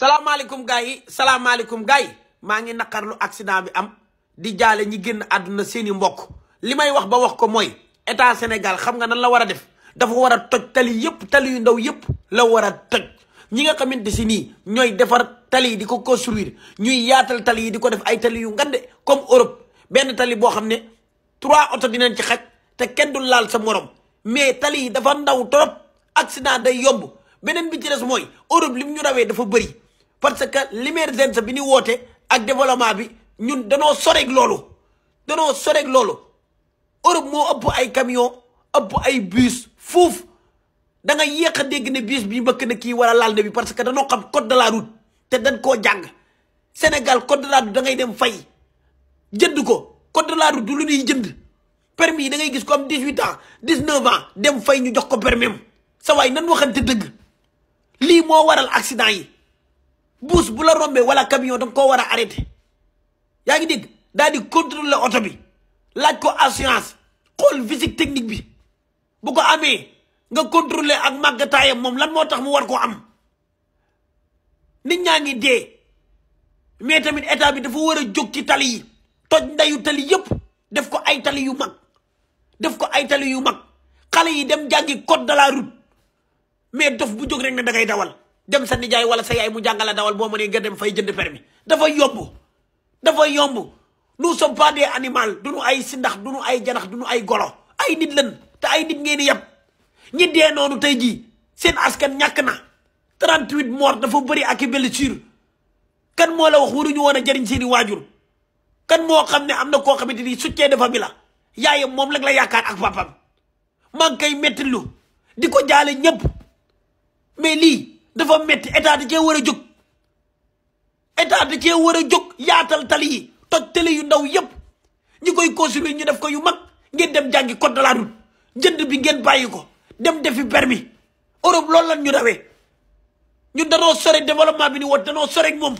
salaamaaleykum gaa yi salaamaaleykum gars yi maa ngi naqarlu accident bi am di jaale ñi génn àdduna seeni mbokk li may wax ba wax ko mooy état Sénégal xam nga nan la war a def dafa war a toj tali yëpp tali yu ndaw yëpp la war a toj ñi nga xamante si nii ñooy defar tali yi di ko construire ñuy yaatal tali yi di ko def ay tali yu ngande comme Europe benn tali boo xam ne trois oto dinañ ci xaj te kenn du laal sa morom mais tali yi dafa ndaw trop accident day yomb beneen bi ci des mooy Europe lim ñu rawee dafa bëri parce que l'émergence bi ñu woote ak développement bi ñun danoo soreeg loolu danoo soreeg loolu Europe moo ëpp ay camion ëpp ay bus fuuf da nga yéex a dégg ne bus bi mbëkk na kii wala laal na bi parce que danoo xam code de la route te dañ koo jàng Sénégal code de la route da ngay dem fay jënd ko code de la route du lu ñuy jënd permis yi da ngay gis ko am 18 ans an ans dem fay ñu jox ko permis am sa waay nan waxante dëgg moo waral accident yi bus bu la rombee wala camion danga koo war a arrêté yaa ngi dégg daal di contrôler oto bi laaj ko assurance xool visite technique bi bu ko amee nga contrôler ak màggataayam moom lan moo tax mu war ko am nit ñaa ngi dee mais tamit état bi dafa war a jóg ci tali yi toj ndeyu tali yépp def ko ay tali yu mag def ko ay tali yu mag xale yi dem jàngi code de la mais dof bu jóg rek ne dangay dawal dem sa nijaay wala sa yaay mu jàngala dawal boo mënee nga dem fay jënd permis dafa yomb dafa yomb nous sommes pas des du nu ay sindax du nu ay janax du nu ay golo ay nit lan te ay nit ngeen yab ñi dee noonu tey jii seen askan ñàkk na 38 morts dafa bëri ak i blessure kan moo la wax waruñu woon a jëriñ seen waajur kan moo xam ne am na koo xamante ni soutien de famille la yaayam moom lag la yaakaar ak papam maa ngi méttilu di ko jaale ñëpp. mais lii dafa metti état da cee war a jóg état da cee war a jóg yaatal tali yi toj tali yu ndaw yépp ñi koy construire ñu def ko yu mag ngeen dem jàngi code de la route jënd bi ngeen bàyyi ko dem defi permis Europe lool la ñu rawee ñun danoo sore développement bi ni woon danoo sore moom